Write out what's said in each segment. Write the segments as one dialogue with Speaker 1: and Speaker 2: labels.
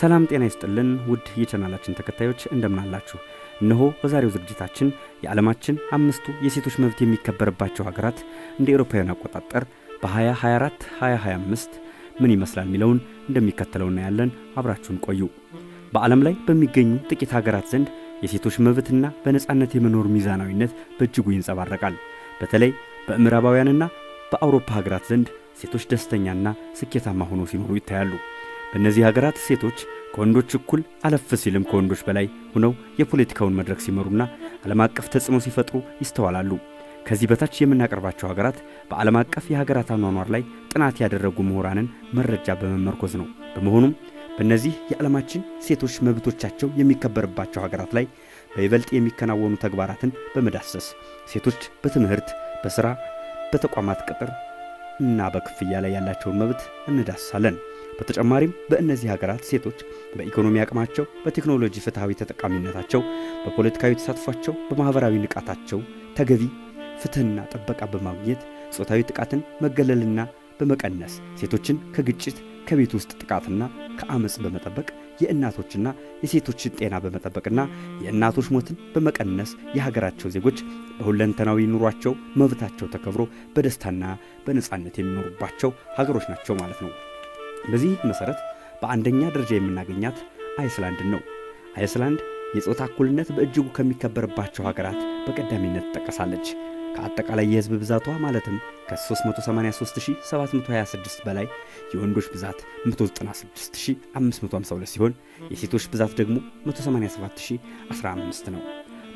Speaker 1: ሰላም ጤና ይስጥልን ውድ የቻናላችን ተከታዮች እንደምናላችሁ። እነሆ በዛሬው ዝግጅታችን የዓለማችን አምስቱ የሴቶች መብት የሚከበርባቸው ሀገራት እንደ ኤሮፓውያን አቆጣጠር በ2024 2025 ምን ይመስላል የሚለውን እንደሚከተለው እናያለን። አብራችሁን ቆዩ። በዓለም ላይ በሚገኙ ጥቂት ሀገራት ዘንድ የሴቶች መብትና በነፃነት የመኖር ሚዛናዊነት በእጅጉ ይንጸባረቃል። በተለይ በምዕራባውያንና በአውሮፓ ሀገራት ዘንድ ሴቶች ደስተኛና ስኬታማ ሆኖ ሲኖሩ ይታያሉ። በእነዚህ ሀገራት ሴቶች ከወንዶች እኩል አለፍ ሲልም ከወንዶች በላይ ሆነው የፖለቲካውን መድረክ ሲመሩና ዓለም አቀፍ ተጽዕኖ ሲፈጥሩ ይስተዋላሉ። ከዚህ በታች የምናቀርባቸው ሀገራት በዓለም አቀፍ የሀገራት አኗኗር ላይ ጥናት ያደረጉ ምሁራንን መረጃ በመመርኮዝ ነው። በመሆኑም በእነዚህ የዓለማችን ሴቶች መብቶቻቸው የሚከበርባቸው ሀገራት ላይ በይበልጥ የሚከናወኑ ተግባራትን በመዳሰስ ሴቶች በትምህርት፣ በሥራ፣ በተቋማት ቅጥር እና በክፍያ ላይ ያላቸውን መብት እንዳሳለን። በተጨማሪም በእነዚህ ሀገራት ሴቶች በኢኮኖሚ አቅማቸው፣ በቴክኖሎጂ ፍትሐዊ ተጠቃሚነታቸው፣ በፖለቲካዊ ተሳትፏቸው፣ በማኅበራዊ ንቃታቸው ተገቢ ፍትህና ጥበቃ በማግኘት ጾታዊ ጥቃትን መገለልና በመቀነስ ሴቶችን ከግጭት ከቤት ውስጥ ጥቃትና ከአመፅ በመጠበቅ የእናቶችና የሴቶችን ጤና በመጠበቅና የእናቶች ሞትን በመቀነስ የሀገራቸው ዜጎች በሁለንተናዊ ኑሯቸው መብታቸው ተከብሮ በደስታና በነፃነት የሚኖሩባቸው ሀገሮች ናቸው ማለት ነው። በዚህ መሰረት በአንደኛ ደረጃ የምናገኛት አይስላንድን ነው። አይስላንድ የጾታ እኩልነት በእጅጉ ከሚከበርባቸው ሀገራት በቀዳሚነት ትጠቀሳለች። ከአጠቃላይ የህዝብ ብዛቷ ማለትም ከ383726 በላይ የወንዶች ብዛት 196552 ሲሆን የሴቶች ብዛት ደግሞ 187015 ነው።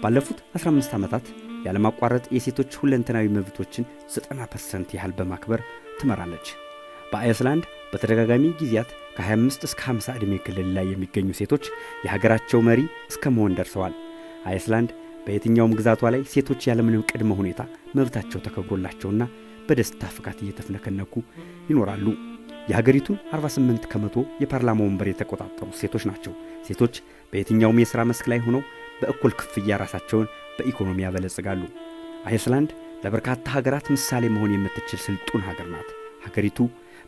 Speaker 1: ባለፉት 15 ዓመታት ያለማቋረጥ የሴቶች ሁለንተናዊ መብቶችን 90% ያህል በማክበር ትመራለች። በአይስላንድ በተደጋጋሚ ጊዜያት ከ25 እስከ 50 ዕድሜ ክልል ላይ የሚገኙ ሴቶች የሀገራቸው መሪ እስከ መሆን ደርሰዋል። አይስላንድ በየትኛውም ግዛቷ ላይ ሴቶች ያለምንም ቅድመ ሁኔታ መብታቸው ተከብሮላቸውና በደስታ ፍካት እየተፍነከነኩ ይኖራሉ። የሀገሪቱን 48 ከመቶ የፓርላማ ወንበር የተቆጣጠሩ ሴቶች ናቸው። ሴቶች በየትኛውም የሥራ መስክ ላይ ሆነው በእኩል ክፍያ ራሳቸውን በኢኮኖሚ ያበለጽጋሉ። አይስላንድ ለበርካታ ሀገራት ምሳሌ መሆን የምትችል ስልጡን ሀገር ናት። ሀገሪቱ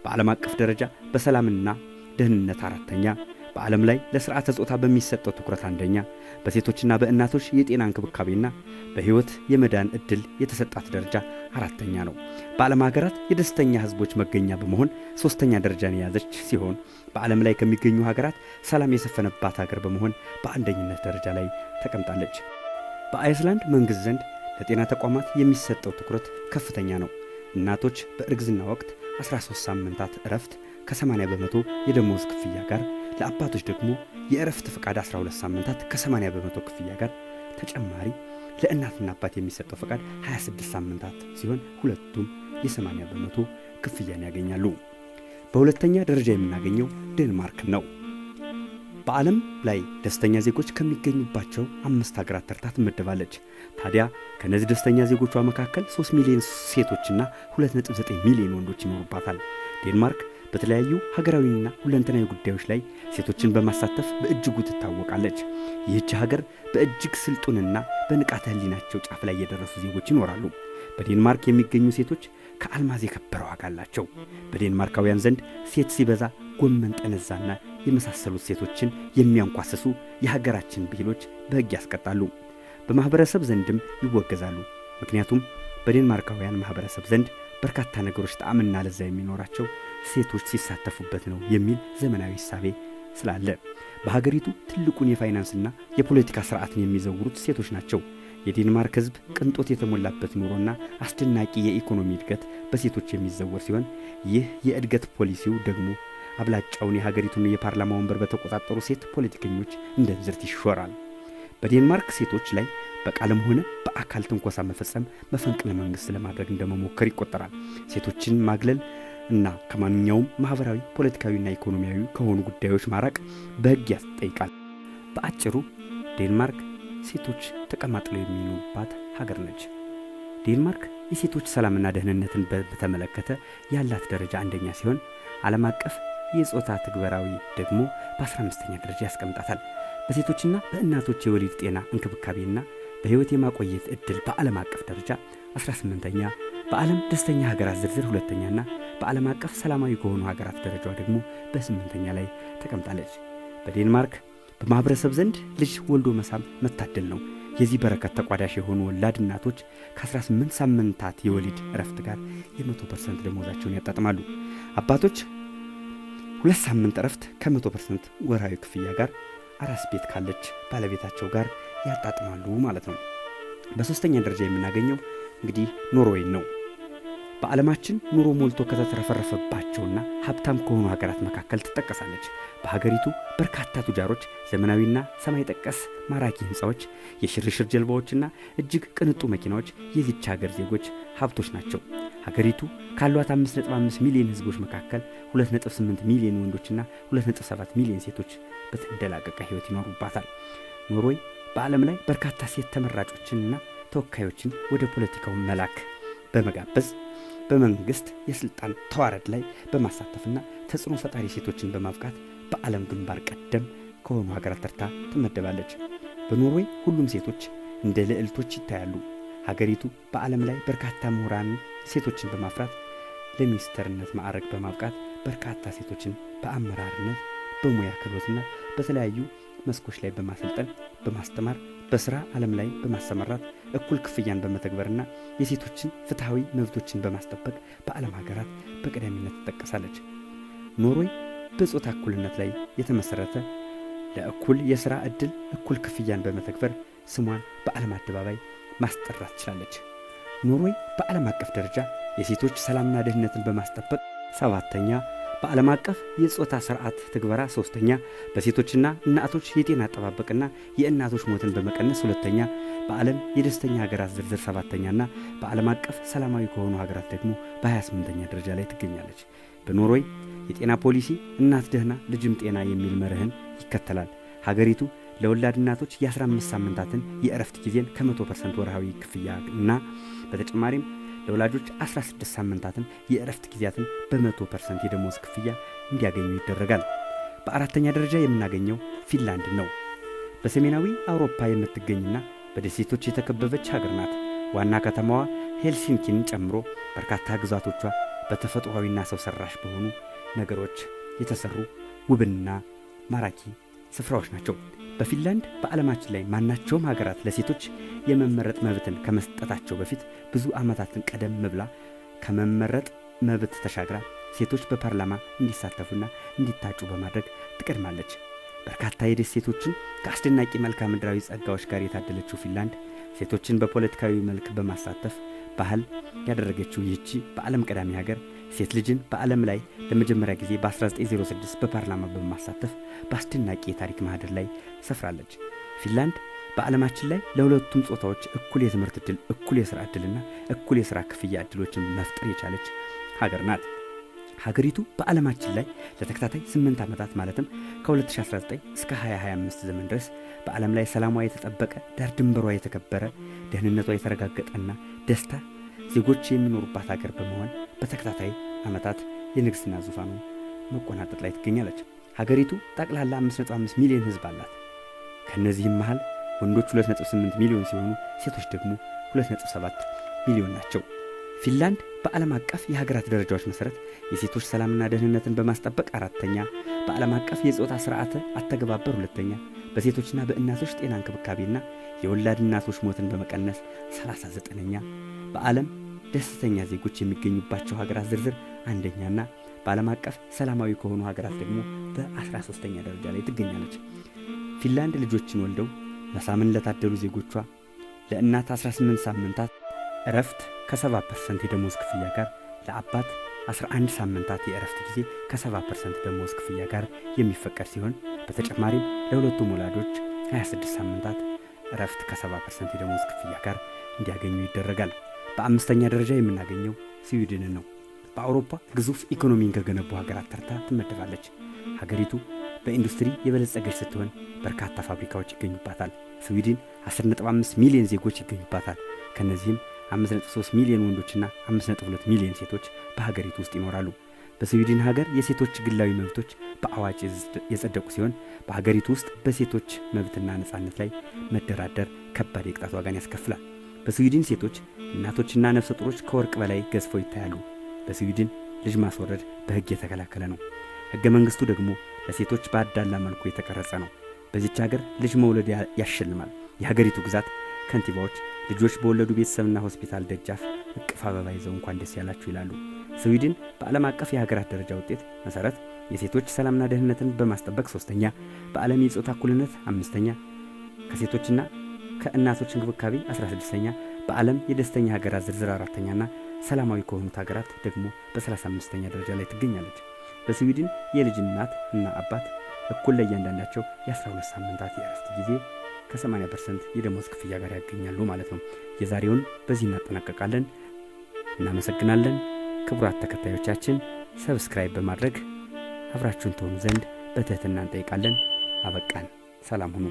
Speaker 1: በዓለም አቀፍ ደረጃ በሰላምና ደህንነት አራተኛ በዓለም ላይ ለሥርዓተ ጾታ በሚሰጠው ትኩረት አንደኛ በሴቶችና በእናቶች የጤና እንክብካቤና በሕይወት የመዳን ዕድል የተሰጣት ደረጃ አራተኛ ነው። በዓለም ሀገራት የደስተኛ ሕዝቦች መገኛ በመሆን ሦስተኛ ደረጃን የያዘች ሲሆን በዓለም ላይ ከሚገኙ ሀገራት ሰላም የሰፈነባት ሀገር በመሆን በአንደኝነት ደረጃ ላይ ተቀምጣለች። በአይስላንድ መንግሥት ዘንድ ለጤና ተቋማት የሚሰጠው ትኩረት ከፍተኛ ነው። እናቶች በእርግዝና ወቅት 13 ሳምንታት እረፍት ከ80 በመቶ የደሞዝ ክፍያ ጋር ለአባቶች ደግሞ የእረፍት ፈቃድ 12 ሳምንታት ከ80 በመቶ ክፍያ ጋር ተጨማሪ ለእናትና አባት የሚሰጠው ፈቃድ 26 ሳምንታት ሲሆን ሁለቱም የ80 በመቶ ክፍያን ያገኛሉ። በሁለተኛ ደረጃ የምናገኘው ዴንማርክ ነው። በዓለም ላይ ደስተኛ ዜጎች ከሚገኙባቸው አምስት ሀገራት ተርታ ትመደባለች። ታዲያ ከእነዚህ ደስተኛ ዜጎቿ መካከል 3 ሚሊዮን ሴቶችና 2.9 ሚሊዮን ወንዶች ይኖሩባታል። ዴንማርክ በተለያዩ ሀገራዊና ሁለንተናዊ ጉዳዮች ላይ ሴቶችን በማሳተፍ በእጅጉ ትታወቃለች። ይህች ሀገር በእጅግ ስልጡንና በንቃተ ህሊናቸው ጫፍ ላይ የደረሱ ዜጎች ይኖራሉ። በዴንማርክ የሚገኙ ሴቶች ከአልማዝ የከበረ ዋጋ አላቸው። በዴንማርካውያን ዘንድ ሴት ሲበዛ ጎመን ጠነዛና የመሳሰሉት ሴቶችን የሚያንኳስሱ የሀገራችን ብሂሎች በሕግ ያስቀጣሉ፣ በማኅበረሰብ ዘንድም ይወገዛሉ። ምክንያቱም በዴንማርካውያን ማኅበረሰብ ዘንድ በርካታ ነገሮች ጣዕምና ለዛ የሚኖራቸው ሴቶች ሲሳተፉበት ነው የሚል ዘመናዊ ሳቤ ስላለ በሀገሪቱ ትልቁን የፋይናንስና የፖለቲካ ስርዓትን የሚዘውሩት ሴቶች ናቸው። የዴንማርክ ሕዝብ ቅንጦት የተሞላበት ኑሮና አስደናቂ የኢኮኖሚ እድገት በሴቶች የሚዘወር ሲሆን ይህ የእድገት ፖሊሲው ደግሞ አብላጫውን የሀገሪቱን የፓርላማ ወንበር በተቆጣጠሩ ሴት ፖለቲከኞች እንደ እንዝርት ይሾራል። በዴንማርክ ሴቶች ላይ በቃልም ሆነ በአካል ትንኮሳ መፈጸም መፈንቅለ መንግስት ለማድረግ እንደመሞከር ይቆጠራል። ሴቶችን ማግለል እና ከማንኛውም ማህበራዊ፣ ፖለቲካዊና ኢኮኖሚያዊ ከሆኑ ጉዳዮች ማራቅ በሕግ ያስጠይቃል። በአጭሩ ዴንማርክ ሴቶች ተቀማጥለው የሚኖሩባት ሀገር ነች። ዴንማርክ የሴቶች ሰላምና ደህንነትን በተመለከተ ያላት ደረጃ አንደኛ ሲሆን ዓለም አቀፍ የጾታ ትግበራዊ ደግሞ በ15ኛ ደረጃ ያስቀምጣታል። በሴቶችና በእናቶች የወሊድ ጤና እንክብካቤና በሕይወት የማቆየት ዕድል በዓለም አቀፍ ደረጃ 18ኛ፣ በዓለም ደስተኛ ሀገራት ዝርዝር ሁለተኛና በዓለም አቀፍ ሰላማዊ ከሆኑ ሀገራት ደረጃዋ ደግሞ በስምንተኛ ላይ ተቀምጣለች። በዴንማርክ በማኅበረሰብ ዘንድ ልጅ ወልዶ መሳም መታደል ነው። የዚህ በረከት ተቋዳሽ የሆኑ ወላድ እናቶች ከ18 ሳምንታት የወሊድ እረፍት ጋር የመቶ ፐርሰንት ደሞዛቸውን ያጣጥማሉ። አባቶች ሁለት ሳምንት እረፍት ከመቶ ፐርሰንት ወርሃዊ ክፍያ ጋር አራስ ቤት ካለች ባለቤታቸው ጋር ያጣጥማሉ ማለት ነው። በሦስተኛ ደረጃ የምናገኘው እንግዲህ ኖርዌይን ነው። በዓለማችን ኑሮ ሞልቶ ከተትረፈረፈባቸውና ሀብታም ከሆኑ ሀገራት መካከል ትጠቀሳለች። በሀገሪቱ በርካታ ቱጃሮች ዘመናዊና ሰማይ ጠቀስ ማራኪ ሕንፃዎች፣ የሽርሽር ጀልባዎችና እጅግ ቅንጡ መኪናዎች የዚች ሀገር ዜጎች ሀብቶች ናቸው። ሀገሪቱ ካሏት 5.5 ሚሊዮን ህዝቦች መካከል 2.8 ሚሊዮን ወንዶችና 2.7 ሚሊዮን ሴቶች በተንደላቀቀ ህይወት ይኖሩባታል። ኖርዌይ በዓለም ላይ በርካታ ሴት ተመራጮችንና ተወካዮችን ወደ ፖለቲካው መላክ በመጋበዝ በመንግስት የስልጣን ተዋረድ ላይ በማሳተፍና ተጽዕኖ ፈጣሪ ሴቶችን በማብቃት በዓለም ግንባር ቀደም ከሆኑ ሀገራት ተርታ ትመደባለች። በኖርዌይ ሁሉም ሴቶች እንደ ልዕልቶች ይታያሉ። ሀገሪቱ በዓለም ላይ በርካታ ምሁራን ሴቶችን በማፍራት ለሚኒስተርነት ማዕረግ በማብቃት በርካታ ሴቶችን በአመራርነት በሙያ ክህሎትና በተለያዩ መስኮች ላይ በማሰልጠን በማስተማር በስራ ዓለም ላይ በማሰማራት እኩል ክፍያን በመተግበርና የሴቶችን ፍትሐዊ መብቶችን በማስጠበቅ በዓለም ሀገራት በቀዳሚነት ትጠቀሳለች። ኖርዌይ በጾታ እኩልነት ላይ የተመሠረተ ለእኩል የሥራ ዕድል እኩል ክፍያን በመተግበር ስሟን በዓለም አደባባይ ማስጠራት ትችላለች። ኖርዌይ በዓለም አቀፍ ደረጃ የሴቶች ሰላምና ደህንነትን በማስጠበቅ ሰባተኛ በዓለም አቀፍ የጾታ ስርዓት ትግበራ፣ ሶስተኛ በሴቶችና እናቶች የጤና አጠባበቅና የእናቶች ሞትን በመቀነስ ሁለተኛ፣ በዓለም የደስተኛ ሀገራት ዝርዝር ሰባተኛና በዓለም አቀፍ ሰላማዊ ከሆኑ ሀገራት ደግሞ በ28ኛ ደረጃ ላይ ትገኛለች። በኖርዌይ የጤና ፖሊሲ እናት ደህና ልጅም ጤና የሚል መርህን ይከተላል። ሀገሪቱ ለወላድ እናቶች የ15 ሳምንታትን የእረፍት ጊዜን ከ100 ፐርሰንት ወርሃዊ ክፍያ እና በተጨማሪም ለወላጆች 16 ሳምንታትን የእረፍት ጊዜያትን በ100 ፐርሰንት የደሞዝ ክፍያ እንዲያገኙ ይደረጋል። በአራተኛ ደረጃ የምናገኘው ፊንላንድን ነው። በሰሜናዊ አውሮፓ የምትገኝና በደሴቶች የተከበበች ሀገር ናት። ዋና ከተማዋ ሄልሲንኪን ጨምሮ በርካታ ግዛቶቿ በተፈጥሯዊና ሰው ሰራሽ በሆኑ ነገሮች የተሰሩ ውብና ማራኪ ስፍራዎች ናቸው። በፊንላንድ በዓለማችን ላይ ማናቸውም ሀገራት ለሴቶች የመመረጥ መብትን ከመስጠታቸው በፊት ብዙ ዓመታትን ቀደም ብላ ከመመረጥ መብት ተሻግራ ሴቶች በፓርላማ እንዲሳተፉና እንዲታጩ በማድረግ ትቀድማለች። በርካታ የደሴቶችን ሴቶችን ከአስደናቂ መልክዓ ምድራዊ ጸጋዎች ጋር የታደለችው ፊንላንድ ሴቶችን በፖለቲካዊ መልክ በማሳተፍ ባህል ያደረገችው ይህቺ በዓለም ቀዳሚ ሀገር ሴት ልጅን በዓለም ላይ ለመጀመሪያ ጊዜ በ1906 በፓርላማ በማሳተፍ በአስደናቂ የታሪክ ማህደር ላይ ሰፍራለች። ፊንላንድ በዓለማችን ላይ ለሁለቱም ጾታዎች እኩል የትምህርት ዕድል፣ እኩል የሥራ ዕድልና እኩል የሥራ ክፍያ ዕድሎችን መፍጠር የቻለች ሀገር ናት። ሀገሪቱ በዓለማችን ላይ ለተከታታይ 8 ዓመታት ማለትም ከ2019 እስከ 2025 ዘመን ድረስ በዓለም ላይ ሰላሟ የተጠበቀ ዳር ድንበሯ የተከበረ ደህንነቷ የተረጋገጠና ደስታ ዜጎች የሚኖሩባት ሀገር በመሆን በተከታታይ ዓመታት የንግሥትና ዙፋኑ መቆናጠጥ ላይ ትገኛለች። ሀገሪቱ ጠቅላላ 5.5 ሚሊዮን ሕዝብ አላት። ከእነዚህም መሃል ወንዶች 2.8 ሚሊዮን ሲሆኑ ሴቶች ደግሞ 2.7 ሚሊዮን ናቸው። ፊንላንድ በዓለም አቀፍ የሀገራት ደረጃዎች መሠረት የሴቶች ሰላምና ደህንነትን በማስጠበቅ አራተኛ፣ በዓለም አቀፍ የጾታ ሥርዓተ አተገባበር ሁለተኛ፣ በሴቶችና በእናቶች ጤና እንክብካቤና የወላድ እናቶች ሞትን በመቀነስ 39ኛ፣ በዓለም ደስተኛ ዜጎች የሚገኙባቸው ሀገራት ዝርዝር አንደኛና በዓለም አቀፍ ሰላማዊ ከሆኑ ሀገራት ደግሞ በ 13 ተኛ ደረጃ ላይ ትገኛለች። ፊንላንድ ልጆችን ወልደው መሳምን ለታደሉ ዜጎቿ ለእናት 18 ሳምንታት እረፍት ከ70 ፐርሰንት የደሞዝ ክፍያ ጋር ለአባት 11 ሳምንታት የእረፍት ጊዜ ከ70 ፐርሰንት ደሞዝ ክፍያ ጋር የሚፈቀድ ሲሆን በተጨማሪም ለሁለቱም ወላጆች 26 ሳምንታት እረፍት ከ70 ፐርሰንት የደሞዝ ክፍያ ጋር እንዲያገኙ ይደረጋል። በአምስተኛ ደረጃ የምናገኘው ስዊድንን ነው። በአውሮፓ ግዙፍ ኢኮኖሚን ከገነቡ ሀገራት ተርታ ትመደባለች። ሀገሪቱ በኢንዱስትሪ የበለጸገች ስትሆን በርካታ ፋብሪካዎች ይገኙባታል። ስዊድን 15 ሚሊዮን ዜጎች ይገኙባታል። ከእነዚህም 5.3 ሚሊዮን ወንዶችና 5.2 ሚሊዮን ሴቶች በሀገሪቱ ውስጥ ይኖራሉ። በስዊድን ሀገር የሴቶች ግላዊ መብቶች በአዋጅ የጸደቁ ሲሆን በሀገሪቱ ውስጥ በሴቶች መብትና ነፃነት ላይ መደራደር ከባድ የቅጣት ዋጋን ያስከፍላል። በስዊድን ሴቶች እናቶችና ነፍሰ ጡሮች ከወርቅ በላይ ገዝፈው ይታያሉ። በስዊድን ልጅ ማስወረድ በሕግ የተከላከለ ነው። ሕገ መንግሥቱ ደግሞ ለሴቶች በአዳላ መልኩ የተቀረጸ ነው። በዚች ሀገር ልጅ መውለድ ያሸልማል። የሀገሪቱ ግዛት ከንቲባዎች ልጆች በወለዱ ቤተሰብና ሆስፒታል ደጃፍ እቅፍ አበባ ይዘው እንኳን ደስ ያላችሁ ይላሉ። ስዊድን በዓለም አቀፍ የሀገራት ደረጃ ውጤት መሠረት የሴቶች ሰላምና ደህንነትን በማስጠበቅ ሶስተኛ፣ በዓለም የጾታ እኩልነት አምስተኛ ከሴቶችና ከእናቶች እንክብካቤ 16ኛ፣ በዓለም የደስተኛ ሀገራት ዝርዝር አራተኛና ሰላማዊ ከሆኑት ሀገራት ደግሞ በ35ኛ ደረጃ ላይ ትገኛለች። በስዊድን የልጅ እናት እና አባት እኩል ለእያንዳንዳቸው የ12 ሳምንታት የእረፍት ጊዜ ከ80 ፐርሰንት የደሞዝ ክፍያ ጋር ያገኛሉ ማለት ነው። የዛሬውን በዚህ እናጠናቀቃለን። እናመሰግናለን። ክቡራት ተከታዮቻችን ሰብስክራይብ በማድረግ አብራችሁን ትሆኑ ዘንድ በትህትና እንጠይቃለን። አበቃን። ሰላም ሁኑ።